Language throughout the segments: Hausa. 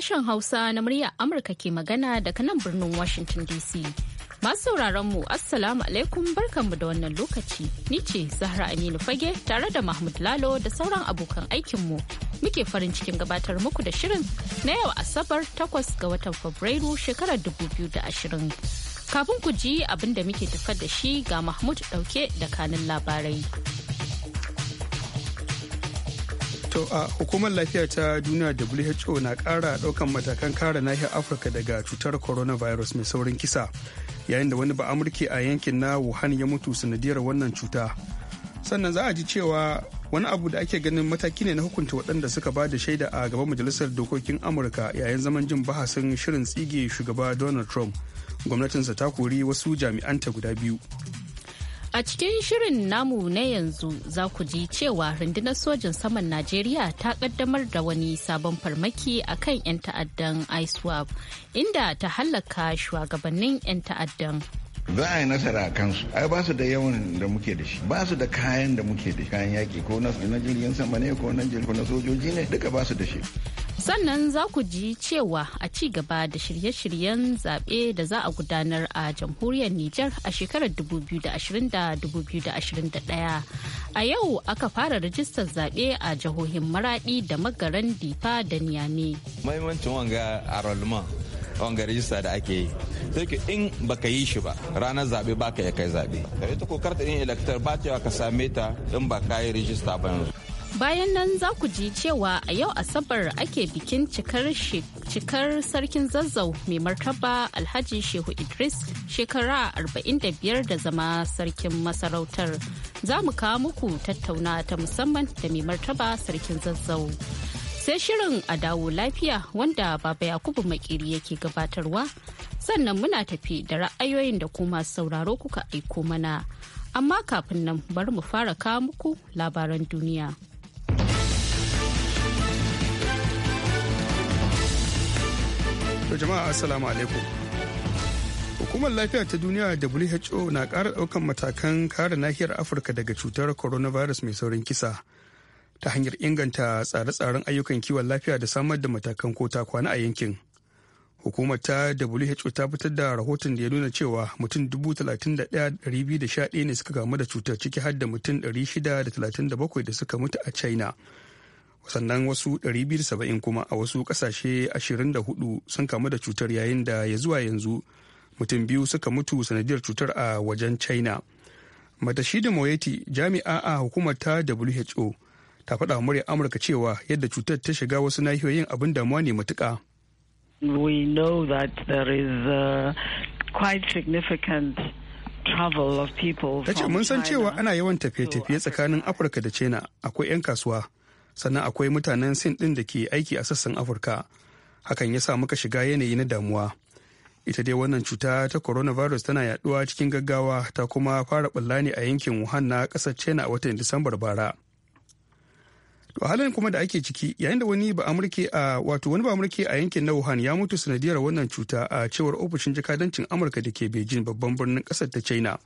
sashen Hausa na muryar Amurka ke magana daga nan birnin Washington DC. Masu sauraron mu Assalamu alaikum barkanmu da wannan lokaci. Ni ce Zahra Aminu Fage tare da Mahmud Lalo da sauran abokan aikinmu. Muke farin cikin gabatar muku da shirin na yau Asabar 8 ga watan Fabrairu shekarar 2020. Kafin ku ji abin da muke tafar da shi ga Mahmud dauke da kanin labarai. To a hukumar lafiya ta duniya WHO na ƙara daukan matakan kare nahiyar Afirka daga cutar coronavirus mai saurin kisa yayin da wani ba amurke a yankin na Wuhan ya mutu sanadiyar wannan cuta. Sannan za a ji cewa wani abu da ake ganin mataki ne na hukunta waɗanda suka ba da shaida a gaban majalisar dokokin Amurka yayin zaman jin bahasin shirin tsige shugaba Donald Trump. Gwamnatinsa ta kori wasu jami'anta guda biyu. A cikin shirin namu na yanzu za ku ji cewa rundunar sojin saman Najeriya ta kaddamar da wani sabon farmaki a kan 'yan ta'addan ISWAP inda ta hallaka shugabannin 'yan ta'addan. za a yi nasara a kansu ai ba su da yawan da muke da shi ba su da kayan da muke da kayan yaƙi ko na jirgin sama ne ko na jirgin na sojoji ne duka ba su da shi sannan za ku ji cewa a ci gaba da shirye-shiryen zaɓe da za a gudanar a jamhuriyar Nijar a shekarar 2020-2021 a yau aka fara rajistar zaɓe a jihohin maraɗi da magaran difa da niyame mahimmancin wanga a wanga rijista da ake yi sai ke in baka yi shi ba ranar zabe baka ya kai kare ta kokar karta ɗin elector ba cewa ka same ta in ba ka yi rijista ba yanzu bayan nan za ku ji cewa a yau asabar ake bikin cikar sarkin zazzau mai martaba alhaji shehu idris shekara 45 da zama sarkin masarautar za mu kawo muku tattauna ta musamman da mai martaba sarkin zazzau sai shirin a dawo lafiya wanda baba yakubu makiri yake gabatarwa sannan muna tafi da ra'ayoyin da kuma sauraro kuka aiko mana amma kafin nan bari mu fara kawo muku labaran duniya jama'a assalamu alaikum hukumar lafiya ta duniya who na ƙara ɗaukan matakan kare nahiyar afirka daga cutar coronavirus mai saurin kisa ta hanyar inganta tsare-tsaren ayyukan kiwon lafiya da samar da matakan ko ta kwana a yankin hukumar ta who ta fitar da rahoton da ya nuna cewa mutum 31,211 ne suka kamu da cutar ciki har da mutum 637 da suka mutu a china sannan wasu 270 kuma a wasu kasashe 24 sun kamu da cutar yayin da ya zuwa yanzu mutum biyu suka mutu sanadiyar cutar a wajen china matashi da moyeti jami'a a hukumar ta who ta faɗa murya amurka cewa yadda cutar ta shiga wasu nahiyoyin abin damuwa ne matuka. we know that there is a uh, quite significant Ta ce mun san cewa ana yawan tafiye-tafiye tsakanin Afirka da China akwai 'yan kasuwa sannan akwai mutanen Sin ɗin da ke aiki a sassan Afirka. Hakan ya sa muka shiga yanayi na damuwa. Ita dai wannan cuta ta coronavirus tana yaduwa cikin gaggawa ta kuma fara bulla a yankin Wuhan na ƙasar China a watan Disambar bara. To halin kuma da ake ciki yayin da wani ba amurke a wato wani ba amurke a yankin na Wuhan ya mutu sanadiyar wannan cuta a cewar ofishin jakadancin Amurka da ke Beijing babban birnin kasar ta China.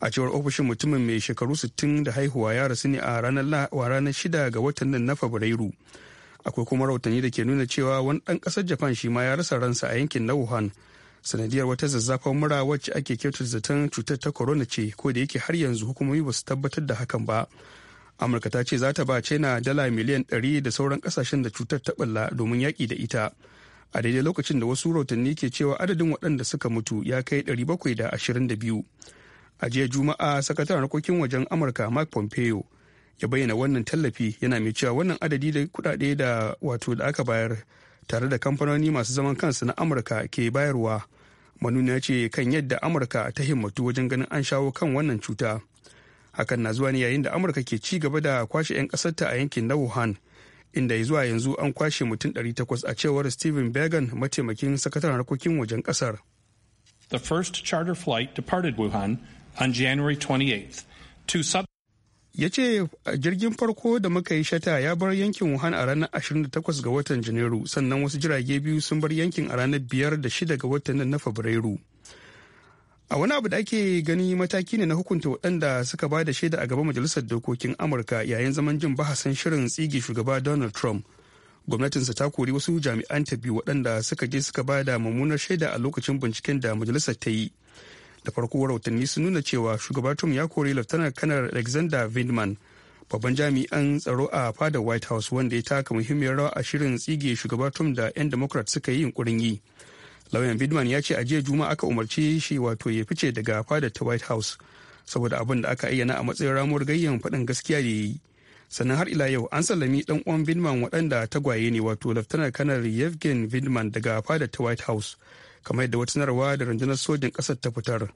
A cewar ofishin mutumin mai shekaru 60 da haihuwa ya rasu ne a ranar ranar 6 ga watan nan na Fabrairu. Akwai kuma rahotanni da ke nuna cewa wani ɗan kasar Japan shi ma ya rasa ransa a yankin na Wuhan. Sanadiyar wata zazzafan mura wacce ake kyautata zaton cutar ta corona ce ko da yake har yanzu hukumomi ba su tabbatar da hakan ba. amurka ta ce za ta ba china dala miliyan 100 da sauran kasashen da cutar ta balla domin yaƙi da ita a daidai lokacin da wasu rahotanni ke cewa adadin waɗanda suka mutu ya kai 722 a jiya juma'a sakataren harkokin wajen amurka mark pompeo ya bayyana wannan tallafi yana mai cewa wannan adadi da kudade da wato da aka bayar tare da kamfanoni masu zaman kansu na amurka ke bayarwa manuna ce kan yadda amurka ta himmatu wajen ganin an shawo kan wannan cuta hakan na zuwa ne yayin da amurka ke ci gaba da kwashe 'yan ƙasarta a yankin na wuhan inda zuwa yanzu an kwashe mutum 800 a cewar steven began mataimakin sakataren harkokin wajen ƙasar the first charter flight departed wuhan on january 28th to ya ce jirgin farko da muka yi shata ya bar yankin wuhan a ranar 28 ga watan janairu sannan wasu jirage biyu sun bar yankin a ranar 5 da 6 ga watan na fabrairu a wani abu da ake gani mataki ne na hukunta waɗanda suka ba da shaida a gaban majalisar dokokin amurka yayin zaman jin bahasan shirin tsige shugaba donald trump gwamnatinsa ta kori wasu jami'an ta biyu waɗanda suka je suka ba da mummunar shaida a lokacin binciken da majalisar ta yi da farko rahotanni sun nuna cewa shugaba trump ya kori lieutenant kanar alexander vindman babban jami'an tsaro a fadar white house wanda ya taka muhimmiyar rawa a shirin tsige shugaba trump da 'yan democrat suka yi yunkurin yi lauyan bidman ya ce a jiya juma'a aka umarci shi wato ya fice daga fadar ta white house saboda abin da aka ayyana a matsayin ramuwar gayyan faɗin gaskiya da ya yi sannan har ila yau an sallami dan uwan bidman waɗanda tagwaye ne wato laftanar kanar yevgen bidman daga fadar ta white house kamar yadda wata sanarwa da rundunar sojin ƙasar ta fitar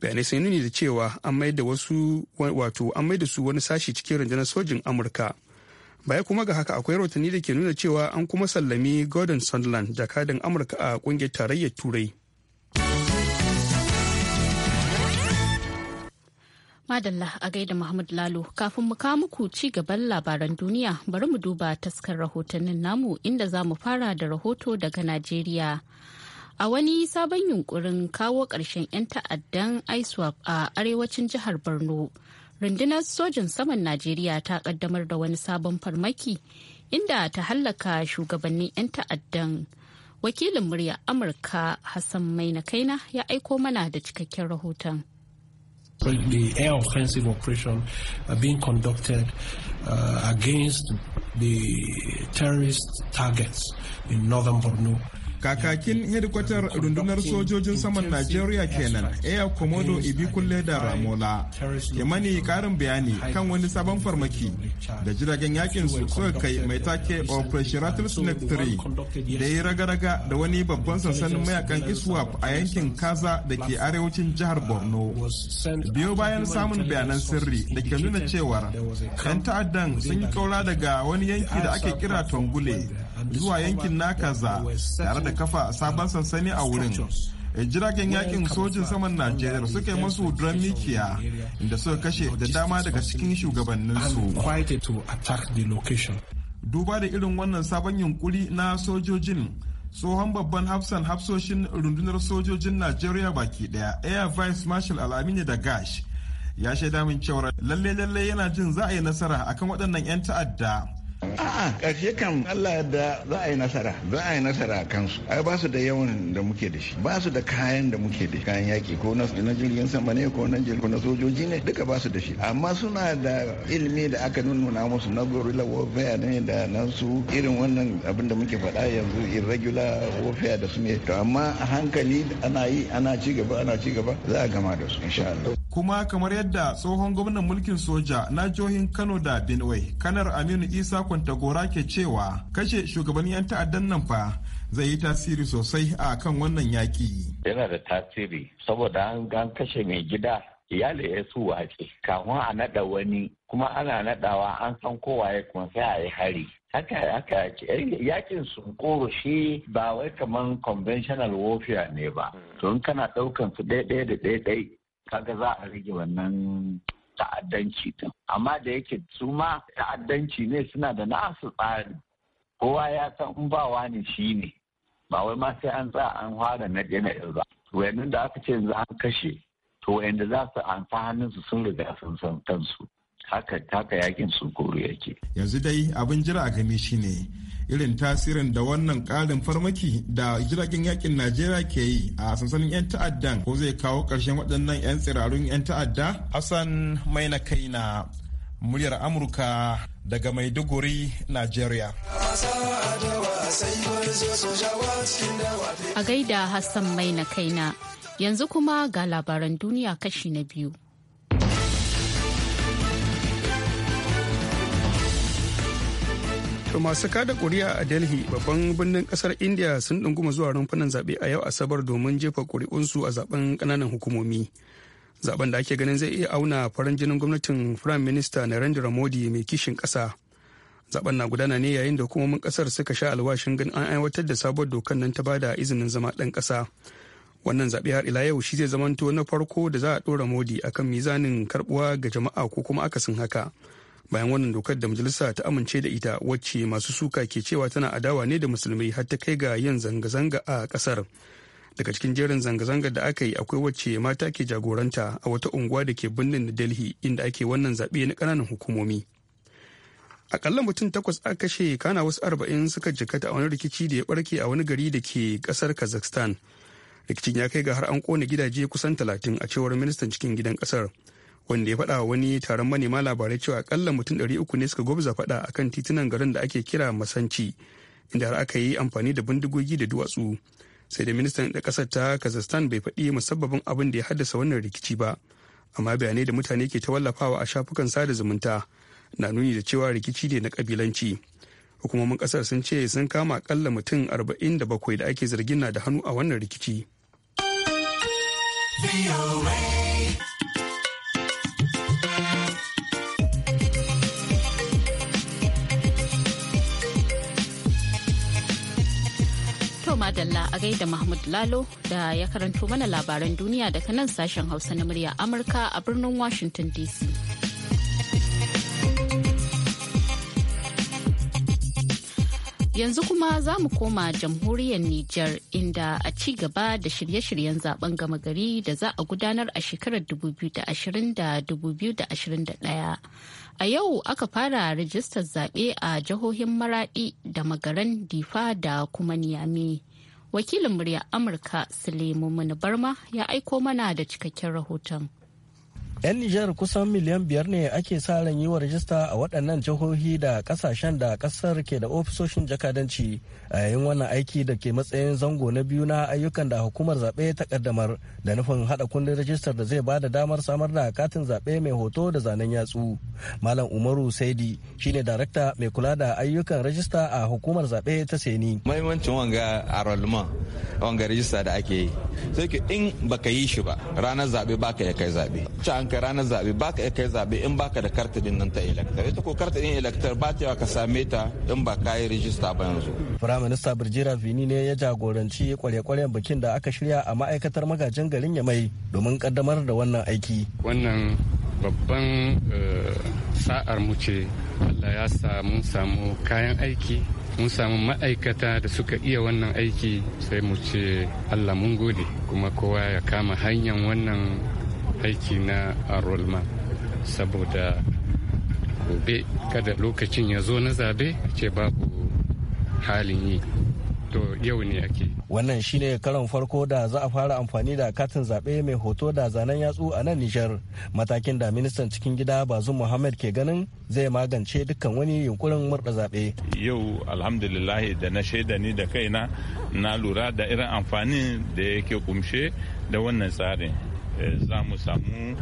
bayanai sun nuni da cewa an maida wasu wato an mai da su wani sashi cikin rundunar sojin amurka baya kuma ga haka akwai rahotanni da ke nuna cewa an kuma sallami gordon sunderland jakadin amurka a kungiyar tarayyar turai madalla a gaida Muhammad Lalo kafin mu kawo muku ci gaban labaran duniya bari mu duba taskar rahotannin namu inda za mu fara da rahoto daga Najeriya. A wani sabon yunkurin kawo ƙarshen 'yan ta'addan ISWAP a arewacin jihar Borno, rundunar sojin saman najeriya ta kaddamar da wani sabon farmaki inda ta hallaka shugabannin 'yan ta'addan wakilin murya amurka hassan mai na kaina ya aiko mana da cikakken rahoton the air offensive operation uh, being conducted uh, against the terrorist targets in northern Borno. kakakin hedikwatar rundunar sojojin saman najeriya kenan air komodo ibi kulle da ramola ya mani karin bayani kan wani sabon farmaki da jiragen yakin su suka kai mai take operation rattlesnake 3 da ya raga-raga da wani babban sansanin mayakan iswap a yankin kaza da ke arewacin jihar borno biyo bayan samun bayanan sirri da ke nuna cewar 'yan ta'addan sun yi kaura daga wani yanki da ake kira tongule zuwa yankin nakaza tare da kafa sabon sansani a wurin eh, jiragen yakin sojin saman najeriya suka yi masu duran mikiya inda suka kashe da dama daga cikin shugabanninsu duba da irin wannan sabon yunkuri na sojojin tsohon babban hafsan hafsoshin rundunar sojojin najeriya baki daya air vice marshal alamini da gash ya shaida min cewa lalle lalle yana jin za a yi nasara akan waɗannan 'yan ta'adda A'a, karshe kan Allah da za a yi nasara, za a yi nasara a kansu. a ba su da yawan da muke da shi, ba su da kayan da muke da kayan yaƙi ko na jirgin sama ne ko na jirgin na sojoji ne duka ba su da shi. Amma suna da ilimi da aka nuna musu na gorilla warfare ne da nan su irin wannan abin da muke faɗa yanzu irregular warfare da su ne. To amma a hankali ana yi ana ci gaba ana ci gaba za a gama da su insha Kuma kamar yadda tsohon gwamnan mulkin soja na jihohin Kano da Benue, Kanar Aminu Isa gora ke cewa kashe shugaban 'yan ta'addan nan fa zai yi tasiri sosai a kan wannan yaki. Yana da tasiri saboda an gan kashe mai gida iyali ya su wace kafin a naɗa wani kuma ana naɗawa an san kowaye kuma sai a yi hari. haka haka yakin eh, sunkoro shi ba wai kaman conventional warfare ne ba hmm. to in kana daukan su ɗaya ɗaya da ɗaya ɗaya kaga za a rage wannan ta'addanci din amma da yake su ma ta'addanci ne suna da nasu tsari kowa ya san in ba wani shi ne ba wai ma sai an tsaya an fara na naɗe ba wayannan da aka ce yanzu an kashe to wayanda za su hannun su sun riga sun san kansu haka taka yakin su koro yake yanzu dai abin jira a shi shine irin tasirin da wannan ƙarin farmaki da jiragen yakin najeriya ke yi a sansanin 'yan ta'addan ko zai kawo ƙarshen waɗannan 'yan tsirarun 'yan ta'adda hassan mai na kai na muryar amurka daga maiduguri najeriya a gaida hassan mai na kaina yanzu kuma ga labaran duniya kashi na biyu To masu kada kuri'a a Delhi babban birnin kasar India sun dunguma zuwa rumfunan zaɓe a yau Asabar domin jefa kuri'unsu a zaben kananan hukumomi. Zaben da ake ganin zai iya auna farin jinin gwamnatin Prime Minister Narendra Modi mai kishin ƙasa. Zaben na gudana ne yayin da hukumomin kasar suka sha alwashin ganin an aiwatar da sabuwar dokar nan ta bada izinin zama ɗan ƙasa. Wannan zaɓe har ila yau shi zai zamanto na farko da za a ɗora Modi akan mizanin karɓuwa ga jama'a ko kuma akasin haka. bayan wannan dokar da majalisa ta amince da ita wacce masu suka ke cewa tana adawa ne da musulmai har ta kai ga yin zanga-zanga a kasar daga cikin jerin zanga-zanga da aka yi akwai wacce mata ke jagoranta a wata unguwa da ke birnin delhi inda ake wannan zaɓe na ƙananan hukumomi akalla mutum takwas aka kashe kana wasu arba'in suka jikata a wani rikici da ya barke a wani gari da ke ƙasar kazakhstan rikicin ya kai ga har an kone gidaje kusan talatin a cewar ministan cikin gidan ƙasar wanda ya faɗa wani taron manema labarai cewa akalla mutum 300 ne suka gwabza faɗa a kan titunan garin da ake kira masanci inda har aka yi amfani da bindigogi da duwatsu sai da ministan da ƙasar ta kazakhstan bai faɗi musabbabin abin da ya haddasa wannan rikici ba amma bayanai da mutane ke ta wallafawa a shafukan sada zumunta na nuni da cewa rikici ne na kabilanci hukumomin ƙasar sun ce sun kama akalla mutum 47 da ake zargin na da hannu a wannan rikici. madalla a gaida Mahmud Lalo da ya karanto mana labaran duniya daga nan sashen Hausa na murya Amurka a birnin Washington DC. Yanzu kuma za mu koma jamhuriyar Nijar inda a ci gaba da shirye-shiryen zaben gama gari da za a gudanar a shekarar 2020 2021. A yau aka fara rajistar zaɓe a jihohin Maraɗi da Magaran Difa da kuma Niyami. wakilin murya amurka sulemu mana barma ya aiko mana da cikakken rahoton 'Yan Nijar kusan miliyan biyar ne ake sa ran yi wa rajista a waɗannan jihohi da ƙasashen da ƙasar ke da ofisoshin jakadanci a yayin wannan aiki da ke matsayin zango na biyu na ayyukan da hukumar zaɓe ta ƙaddamar da nufin haɗa kundin rajistar da zai ba da damar samar da katin zaɓe mai hoto da zanen yatsu. Malam Umaru Saidi shine darakta mai kula da ayyukan rajista a hukumar zaɓe ta Seni. Mahimmancin wanga a wanga rajista da ake yi. Sai in baka yi shi ba ranar zaɓe baka ya kai zaɓe. ka ranar zabe ba ka kai zabe in baka da kartadin nan ta ita ko kartadin elector ba ta ka same ta in ba ka yi rijista ba yanzu firaminista minista birjira vini ne ya jagoranci kwale-kwalen bikin da aka shirya a ma'aikatar magajin garin ya mai domin kaddamar da wannan aiki wannan babban eh, sa'ar mu ce Allah ya sa mun samu kayan aiki mun samu ma'aikata da suka iya wannan aiki sai mu ce allah mun gode kuma kowa ya kama hanyar wannan aiki na arolma saboda gobe kada lokacin ya zo na zabe ce babu halin yi to yau ne ake wannan shine karon farko da za a fara amfani da katin zaɓe mai hoto da zanen yatsu a nan nijar matakin da ministan cikin gida bazu muhammad ke ganin zai magance dukkan wani yunkurin murda zaɓe yau alhamdulillahi da na shaida ni da kaina na lura da irin amfanin da yake kumshe da wannan tsarin Eh, za mu samu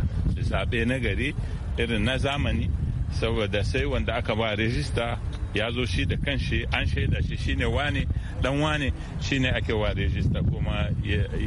zaɓe na gari irin na zamani saboda sai wanda aka ba rijista ya zo shi da kanshi an shaida shi shine wane dan wane ne ake wa rajista kuma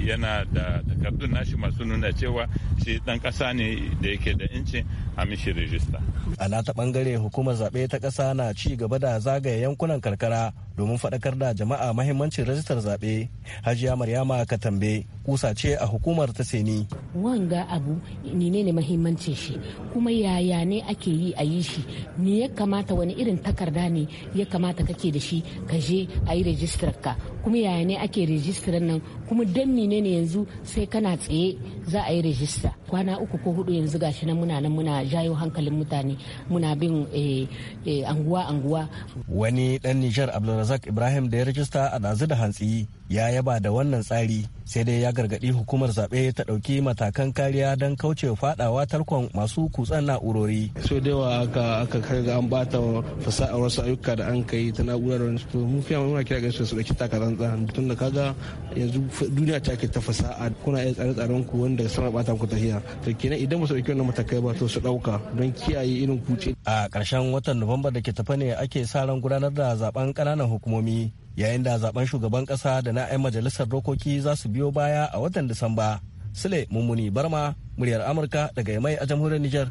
yana da takardun nashi masu nuna cewa shi dan kasa ne da yake da inci a mishi rajista a nata bangare hukumar zaɓe ta ƙasa na ci gaba da zagaye yankunan karkara domin faɗakar da jama'a mahimmancin rajistar zaɓe hajiya maryama katambe kusa ce a hukumar ta seni wanga abu ne ne mahimmancin shi kuma yaya ne ake yi a yi shi ne ya kamata wani irin takarda ne ya kamata kake da shi ka je a yi rajista rijistarar ka kuma yaya ne ake rijistarar nan kuma dan ne yanzu sai kana tsaye za a yi rajista kwana uku ko hudu yanzu gashi na muna nan muna jayo hankalin mutane muna bin eh, eh, anguwa anguwa wani dan Nijar Abdulrazak Ibrahim da ya rajista a dazu da hantsi ya yaba da wannan tsari sai dai ya gargadi hukumar zaɓe ta ɗauki matakan kariya don kauce fadawa tarkon masu kutsan na'urori. so da yawa aka aka karga an bata fasahar wasu ayyuka da an kai ta na'urar to mun fiya mun kira gaskiya su ɗauki taka tsantsan tun da kaga yanzu duniya ta ke tafasa a kuna yin tsare-tsaren ku wanda suna bata ku tafiya to kenan idan ba su dauki wannan matakai ba to su ɗauka don kiyaye irin kuce a ƙarshen watan nuwamba da ke tafa ne ake sa ran gudanar da zaben ƙananan hukumomi yayin da zaben shugaban ƙasa da na 'yan majalisar dokoki za su biyo baya a watan disamba sule mummuni barma muryar amurka daga yamai a jamhuriyar nijar.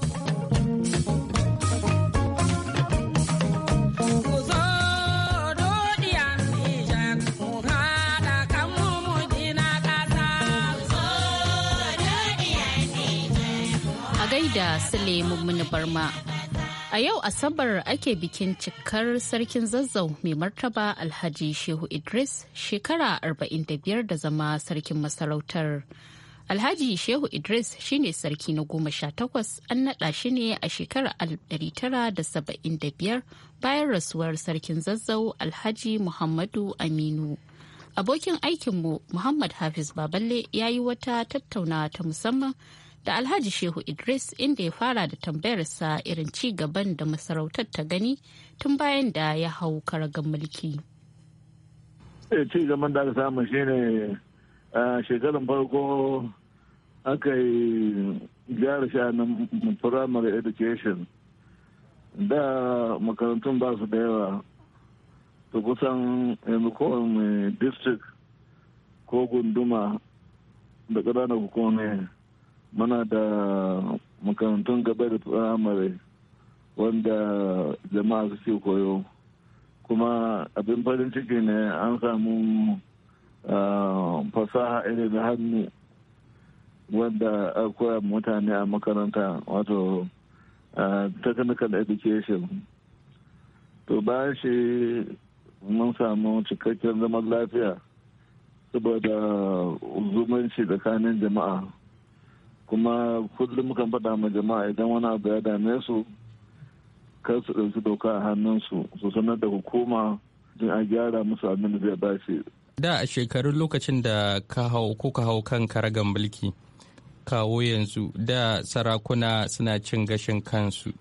Sule Mummuni Barma. A yau Asabar ake bikin cikar sarkin zazzau mai martaba Alhaji Shehu Idris shekara 45 da zama sarkin masarautar. Alhaji Shehu Idris shine sarki na goma sha takwas an naɗa shi ne a shekarar biyar bayan rasuwar sarkin zazzau Alhaji Muhammadu Aminu. abokin aikinmu Muhammad Hafiz Baballe ya yi wata tattauna ta musamman da Alhaji Shehu Idris inda ya fara da tambayarsa irin ci gaban da masarautar ta gani tun bayan da ya hau karagar mulki. Eh, ci gaban da aka samu shine eh, shekaran farko aka yi gyara shanin primary education da makarantun ba su da yawa to kusan yanzu kowane district ko gunduma da ƙananan hukumar muna da makarantun gaba da firamare wanda jama'a suke koyo kuma abin farin ciki ne an samu fasaha irin da hannu wanda a koya mutane a makaranta wato technical education to ba shi mun samu cikakken zaman lafiya saboda zumunci tsakanin jama'a kuma kullum kan faɗa ma jama'a idan wani abu ya dame su kar su ɗauki doka a hannunsu su sanar da hukuma don a gyara musu abin da zai dace. da a shekarun lokacin da ka hau ko ka hau kan karagan mulki kawo yanzu da sarakuna suna cin gashin kansu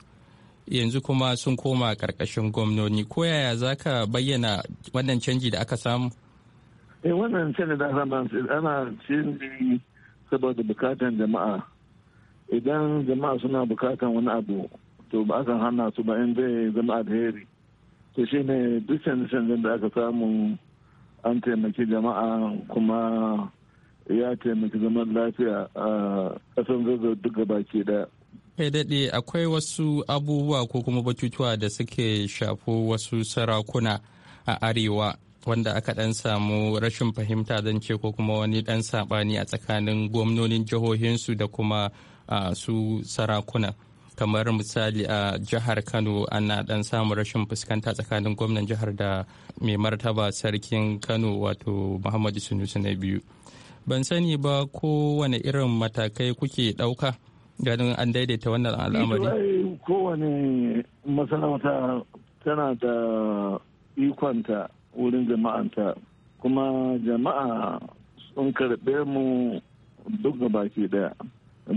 yanzu kuma sun koma karkashin gwamnoni ko yaya za ka bayyana wannan canji da aka samu? Eh, wannan canji da ana canji saboda bukatan jama'a idan jama'a suna bukatan wani abu to ba aka hana su ba in zai zama alheri to shi ne duk canje da aka samu an taimaki jama'a kuma ya taimaki zaman lafiya a ƙasan zazzau duk gaba ke da kai daɗe akwai wasu abubuwa ko kuma batutuwa da suke shafo wasu sarakuna a arewa wanda aka dan samu rashin fahimta zan ce ko kuma wani dan sabani a tsakanin gwamnonin jihohinsu da kuma su sarakuna kamar misali a jihar kano ana dan samun rashin fuskanta tsakanin gwamnan jihar da mai martaba sarkin kano wato muhammadu sunusu na biyu ban sani ba ko wani irin matakai kuke ɗauka ganin an daidaita wannan al'amari kowane masarauta tana da ikonta wurin jama'anta kuma jama'a sun karɓe mu duk baki daya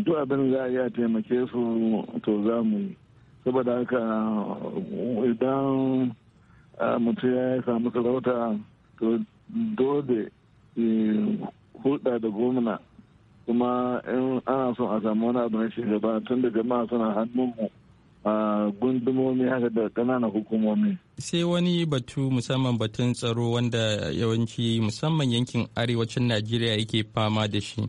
duk abin za a iya taimake su to za mu yi saboda haka idan mutum ya samu sarauta to dole hulɗa da gwamna kuma in ana son a samu wani abu na gaba tun da jama'a suna hannun mu. gundumomi haka da ƙananan hukumomi. Sai wani batu musamman batun tsaro wanda yawanci musamman yankin arewacin Najeriya yake fama da shi.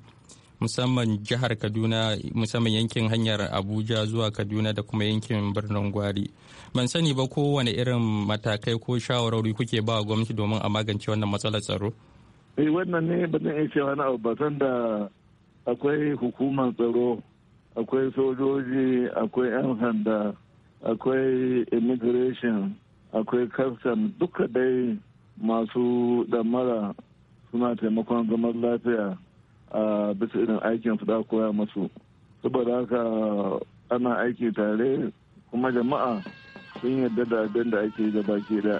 Musamman jihar Kaduna, musamman yankin hanyar Abuja zuwa Kaduna da kuma yankin birnin Gwari. Ban sani ba kowane irin matakai ko shawarwari kuke ba gwamnati domin a magance wannan matsalar tsaro? Eh wannan ne ba zan iya cewa na abu ba da akwai hukumar tsaro akwai sojoji akwai 'yan handa akwai immigration akwai custom duka dai masu damara suna taimakon zaman lafiya a bisa irin aikin su da koya masu saboda haka ana aiki tare kuma jama'a sun yarda da abin da ake da baki da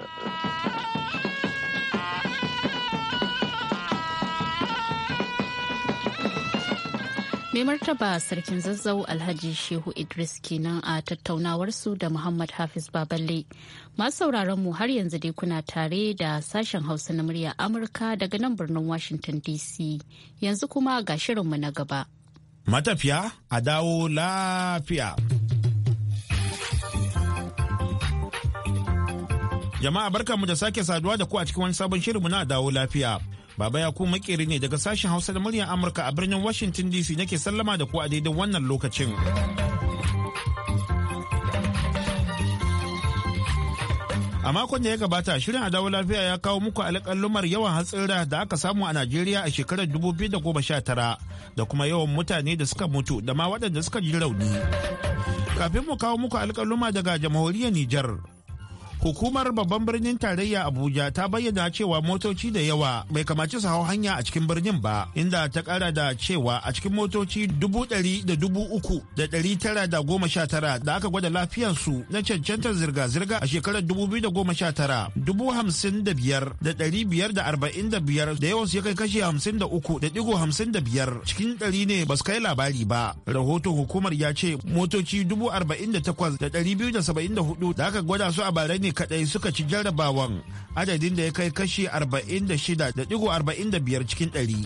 mai martaba sarkin zazzau alhaji shehu idris kenan a tattaunawarsu da muhammad hafiz baballe masu sauraron mu har yanzu dai kuna tare da sashen hausa na murya amurka daga nan birnin washington dc yanzu kuma ga shirinmu na gaba matafiya a dawo lafiya jama'a barkanmu da sake saduwa da ku a cikin wani sabon shirinmu na dawo lafiya Baba ya ku makeri ne daga sashen Hausa da muryar Amurka a birnin Washington DC nake sallama da ku a daidai wannan lokacin. A makon da ya gabata shirin a dawo lafiya ya kawo muku alƙalumar yawan hatsira da aka samu a Najeriya a shekarar 2019 da kuma yawan mutane da suka mutu da ma waɗanda suka ji rauni. Kafin mu kawo muku alƙaluma daga jamhuriyar Nijar. Hukumar babban birnin tarayya Abuja ta bayyana cewa motoci da yawa bai kamaci su hau hanya a cikin birnin ba, inda ta kara da cewa a cikin motoci dubu ɗari da dubu uku da ɗari tara da goma sha tara da aka gwada lafiyansu na cancantar zirga-zirga a shekarar dubu biyu da goma sha tara, dubu hamsin da biyar da ɗari biyar da arba'in da biyar da su ya kai kashi hamsin da uku da digo hamsin da biyar cikin ɗari ne ba su kai labari ba. Rahoton hukumar ya ce motoci dubu arba'in da takwas da ɗari biyu da saba'in da hudu da aka gwada su a bare ne kadai suka ci jarrabawan adadin da ya kai kashi 46.45 cikin ɗari.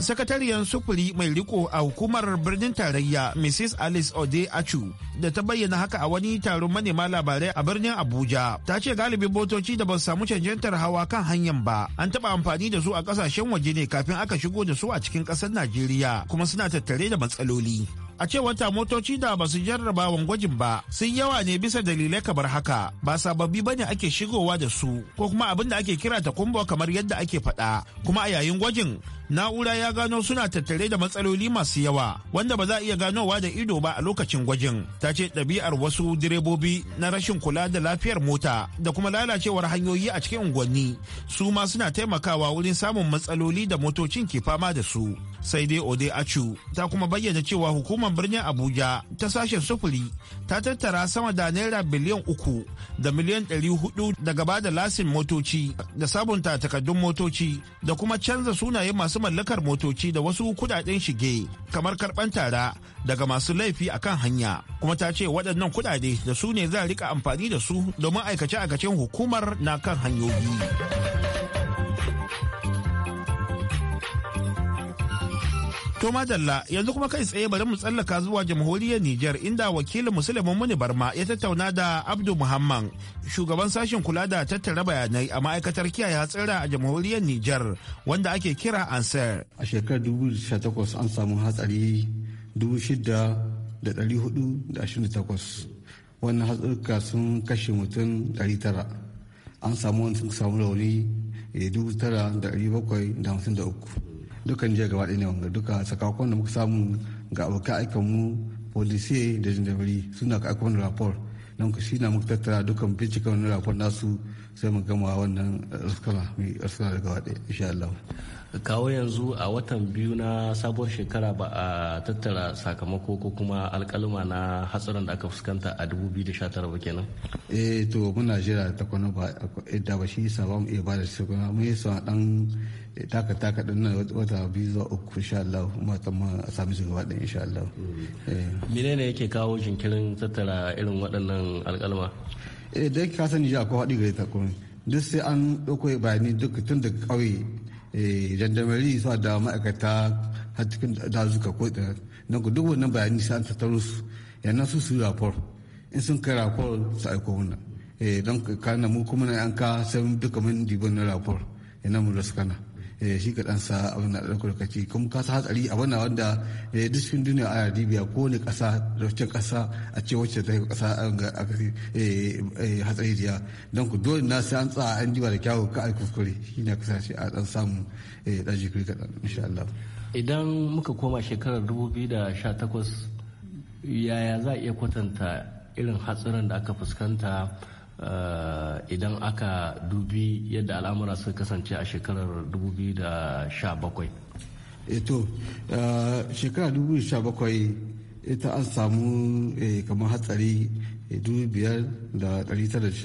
sakatariyar sufuri mai riko a hukumar birnin tarayya mrs alice ode achu da ta bayyana haka a wani taron manema labarai a birnin abuja ta ce galibin motoci da ba su samu canjantar hawa kan hanyar ba an taɓa amfani da su a ƙasashen waje ne kafin aka shigo da su a cikin ƙasar najeriya kuma suna tattare da matsaloli a ce wata motoci da basu jarrabawan gwajin ba sun yawa ne bisa dalilai kamar haka ba sababbi ne ake shigowa da su ko kuma abin da ake kira ta kumbo kamar yadda ake faɗa kuma a yayin gwajin na'ura ya gano suna tattare da matsaloli masu yawa wanda ba za a iya ganowa da ido ba a lokacin gwajin ta ce ɗabi'ar wasu direbobi na rashin kula da lafiyar mota da kuma lalacewar hanyoyi a cikin unguwanni su ma suna taimakawa wurin samun matsaloli da motocin ke fama da su sai dai ode acu ta kuma bayyana cewa hukumar birnin abuja ta sashen sufuri ta tattara sama da naira biliyan uku da miliyan ɗari hudu daga da lasin motoci da sabunta takardun motoci da kuma canza sunaye masu masu mallakar motoci da wasu kudaden shige kamar karban tara daga masu laifi a kan hanya kuma ta ce waɗannan kudade da su ne za a rika amfani da su domin aikace-aikacen hukumar na kan hanyoyi. To madalla yanzu kuma kai tsaye bari mu tsallaka zuwa jamhuriyar Nijar inda wakilin musulmin muni barma ya tattauna da Abdu Muhammad shugaban sashen kula da tattara bayanai a ma'aikatar kiyaye hatsira a jamhuriyar Nijar wanda ake kira ansar. A shekarar 2018 an samu hatsari 6,428 wannan hatsarka sun kashe mutum 900 an samu wani sun samu rauni 9,753 eh, dukkan jiya gaba ɗaya ne wanga duka sakakon da muka samu ga abokan aikan mu polisiye da jindabari suna ka aiko rapor don ku shi na muka tattara dukan bincika wani rapor nasu sai mu gama wannan raskara mai raskara da gaba ɗaya insha Allah. kawo yanzu a watan biyu na sabuwar shekara ba a tattara sakamako ko kuma alkaluma na hatsarin da aka fuskanta a 2019 ba kenan eh to muna jira ta kwana ba da ba shi sa ba mu iya ba da shi kuma mun yi sa dan taka taka din nan wata biyu zuwa uku insha Allah kuma tsamma a sami su gaba din insha Allah eh. menene yake kawo jinkirin tattara irin waɗannan alkalma eh dai ka sani ja ko haɗi gare ta kuma duk sai an ɗauko bayani duk tun da ƙauye Eh, dandamari su da ma'aikata har cikin dazuka ko ina don ku duk wannan bayani sai an tattaro su yana su su rapor in sun kai rapor su aiko wannan eh, don kana mu kuma na yanka sai duka mun dibin na rapor yana mu rasu kana. Eh, shi ka dan sa abin da ɗan kurkaci kuma ka sa hatsari a wannan wanda eh, duk cikin duniya a dibiya ko ne ƙasa da wacce ƙasa a ce wacce ta ƙasa a eh, hatsari diya don ku dole na sai an tsa an jiba da kyawu ka aiki kuskure shi ne ka sashi a ɗan samu ɗan jikiri kaɗan insha Allah. Idan muka koma shekarar 2018 yaya za a iya kwatanta irin hatsarin da aka fuskanta Eh, idan aka dubi yadda al'amura suka kasance a shekarar 2017 eto shekara 2017 ita an samu eh, kamar hatsari 5,917 eh,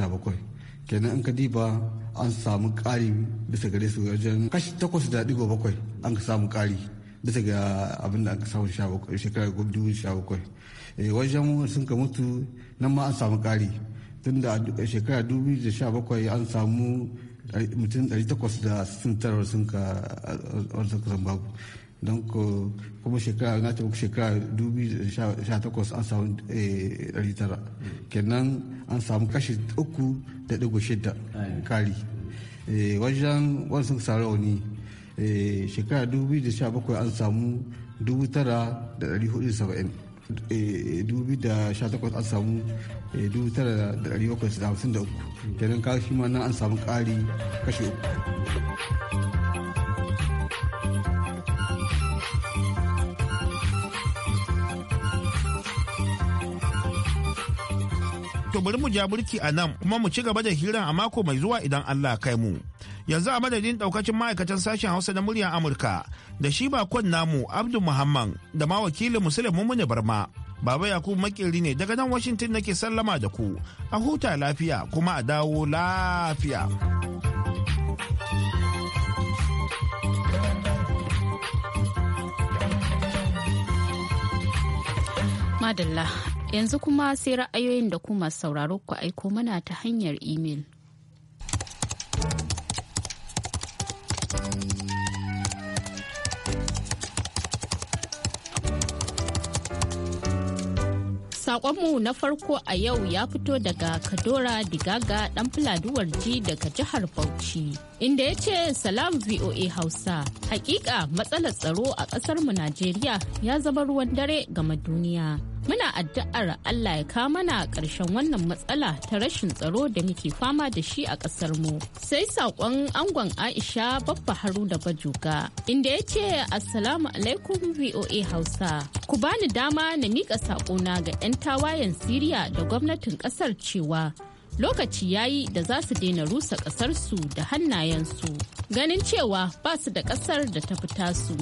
kenan an ka diba an samu ƙari bisa gare su wajen kashi 8.7 an ka samu ƙari bisa ga abin da ka samu shekarar 2017 wajen sun ka mutu nan ma an samu ƙari tun da a shekara 2017 an samu mutum 869 sun ka arzika babu don kuma shekara na ta shekara 2018 an samu 900 eh, kenan an samu kashi 3.6 kari eh, wajen wani sun wasu sarauni eh, shekara 2017 an samu 9470 2018 eh, an samu 9,753 eh, kenan ka shi ma nan an samu ƙari kashi uku To bari mu ja burki a nan kuma mu ci gaba da hiran a mako mai zuwa idan Allah kai mu. yanzu a madadin daukacin ma'aikatan sashen hausa na muryar amurka da shi bakon namu abdul muhammad da ma wakilin musulun mummuni barma baba yakubu makeri ne daga nan washington nake sallama da ku a huta lafiya kuma a dawo lafiya madalla yanzu kuma sai ra'ayoyin da kuma sauraro ku aiko mana ta hanyar imel. Sakonmu na farko a yau ya fito daga Kadora Digaga ɗan ji daga jihar Bauchi, inda ya ce Salam VOA Hausa. Hakika matsalar tsaro a ƙasarmu Najeriya ya zama ruwan dare game duniya. muna addu'ar Allah ya kawo mana ƙarshen wannan matsala ta rashin tsaro da muke fama da shi a ƙasar mu. Sai saƙon angon Aisha Babba Haruna Bajuga inda ya ce Assalamu alaikum VOA Hausa. Ku bani dama na miƙa saƙona ga 'yan tawayen Siriya da gwamnatin ƙasar cewa lokaci yayi da za su daina rusa ƙasarsu da hannayensu ganin cewa ba su da ƙasar da ta fita su.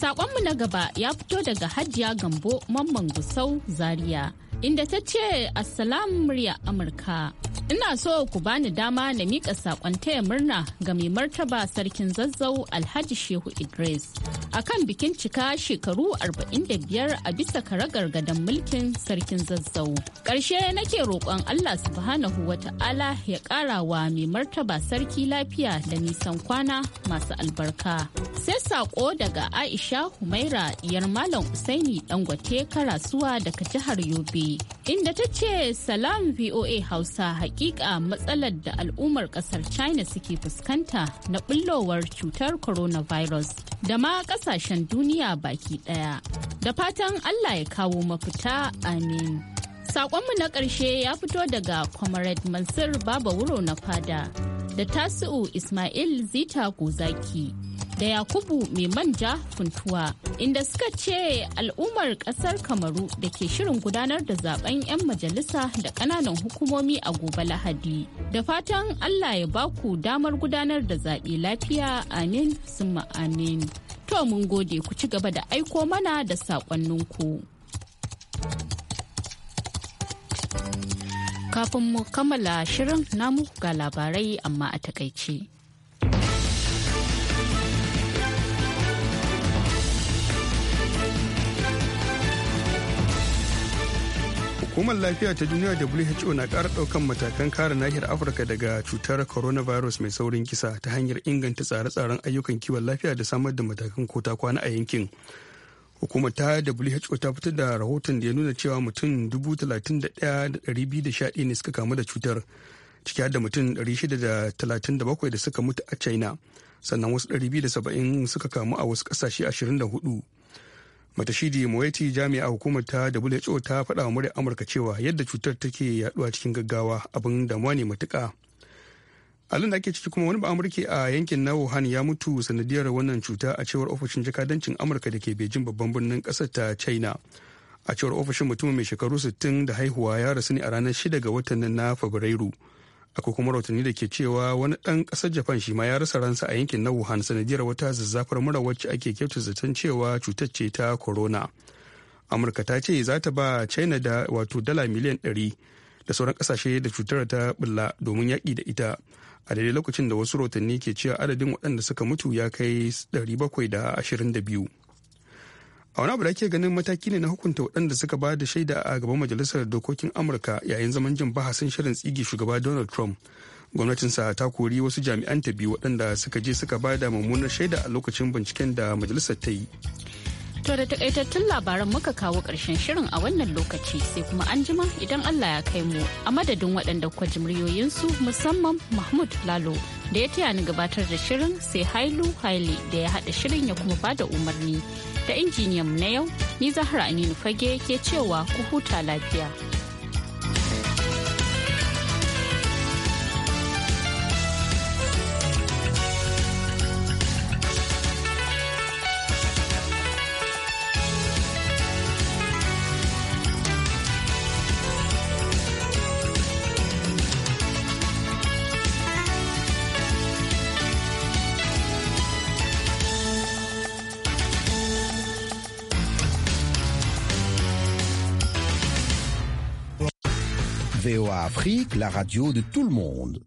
Saƙonmu na gaba ya fito daga Hajiya Gambo Mamman Gusau Zaria. Inda ta ce Assalamu murya Amurka. Ina so ku bani dama na miƙa saƙon taya murna ga mai martaba sarkin zazzau Alhaji Shehu Idris a kan bikin cika shekaru 45 a bisa karagar gadon mulkin sarkin zazzau. Ƙarshe nake roƙon Allah subhanahu wa ta'ala ya ƙara wa mai martaba sarki lafiya da nisan kwana masu albarka. Sai saƙo daga Aisha Humaira diyar Malam Usaini Dangote Karasuwa daga jihar Yobe. Inda ta ce Salam VOA Hausa hakika matsalar da al'ummar ƙasar China suke fuskanta na bullowar cutar coronavirus. Da ma kasashen duniya baki daya. Da fatan Allah ya kawo mafita amin. Sakonmu na ƙarshe ya fito daga Comrade Mansur Baba Wuro na fada da tasu'u Ismail Zita Gozaki da Yakubu Mai Manja Funtuwa inda suka ce al'ummar ƙasar Kamaru da ke shirin gudanar da zaben 'yan majalisa da ƙananan hukumomi a gobe Lahadi. Da fatan Allah ya baku damar gudanar da zaɓe lafiya amin summa amin. To mun gode ku ci gaba da aiko mana da saƙonninku. Kafin mu kammala shirin namu ga labarai amma a takaice. hukumar lafiya ta duniya who na ƙara ɗaukan matakan kare nahiyar afirka daga cutar coronavirus mai saurin kisa ta hanyar inganta tsare-tsaren ayyukan kiwon lafiya da samar da matakan kota kwana a yankin hukumar ta who ta fitar da rahoton da ya nuna cewa mutum 31,211 ne suka kamu da cutar ciki da mutum 637 da suka mutu a china sannan wasu 270 suka kamu a wasu kasashe 24 matashidi moeti jami'a hukumar ta who ta faɗa wa muryar amurka cewa yadda cutar take yaduwa cikin gaggawa abin damuwa ne matuka alin da ake ciki kuma wani amurki a yankin na wuhan ya mutu sanadiyar wannan cuta a cewar ofishin jakadancin amurka da ke bejin babban birnin ƙasar ta china a cewar ofishin mutumin mai shekaru sittin da haihuwa ya rasu ne a ranar 6 ga watan nan na fabrairu akwai kuma rahotanni da ke cewa wani ɗan ƙasar japan shi ma ya rasa ransa a yankin na wuhan sanadiyar wata zazzafar mura wacce ake kyautar zaton cewa cutar ce ta corona amurka ta ce za ta ba china da wato dala miliyan 100 da sauran ƙasashe da cutar ta bulla domin yaƙi da ita a daidai lokacin da wasu rahotanni ke cewa adadin waɗanda suka mutu ya kai 722 a wani abu da ake ganin mataki ne na hukunta waɗanda suka ba da shaida a gaban majalisar dokokin amurka yayin zaman jin bahasin shirin tsigi shugaba donald trump gwamnatinsa ta kori wasu jami'an ta biyu waɗanda suka je suka ba da mummunar shaida a lokacin binciken da majalisar ta yi To da takaitattun labaran muka kawo ƙarshen shirin a wannan lokaci sai kuma an jima idan Allah ya kai mu a madadin waɗanda kwa jimriyoyinsu musamman Mahmud Lalo da ya taya ni gabatar da shirin sai Hailu Haile da ya haɗa shirin ya kuma bada umarni ta injiniyan na yau ni Zahra Aminu Fage ke cewa ku huta lafiya. à Afrique, la radio de tout le monde.